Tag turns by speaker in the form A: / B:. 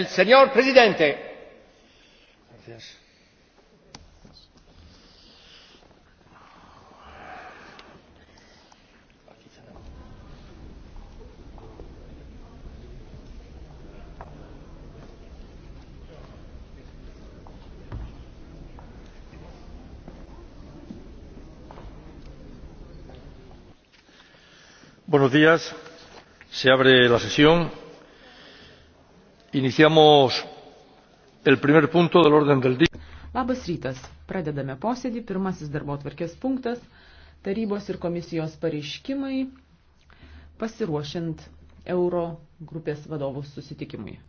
A: el señor presidente.
B: Gracias.
C: Buenos días. Se abre la sesión. Iniciamos el primer punto del orden del día.
D: Labas rytas. Pradedame posėdį. Pirmasis darbo atvarkės punktas - tarybos ir komisijos pareiškimai pasiruošiant euro grupės vadovų susitikimui.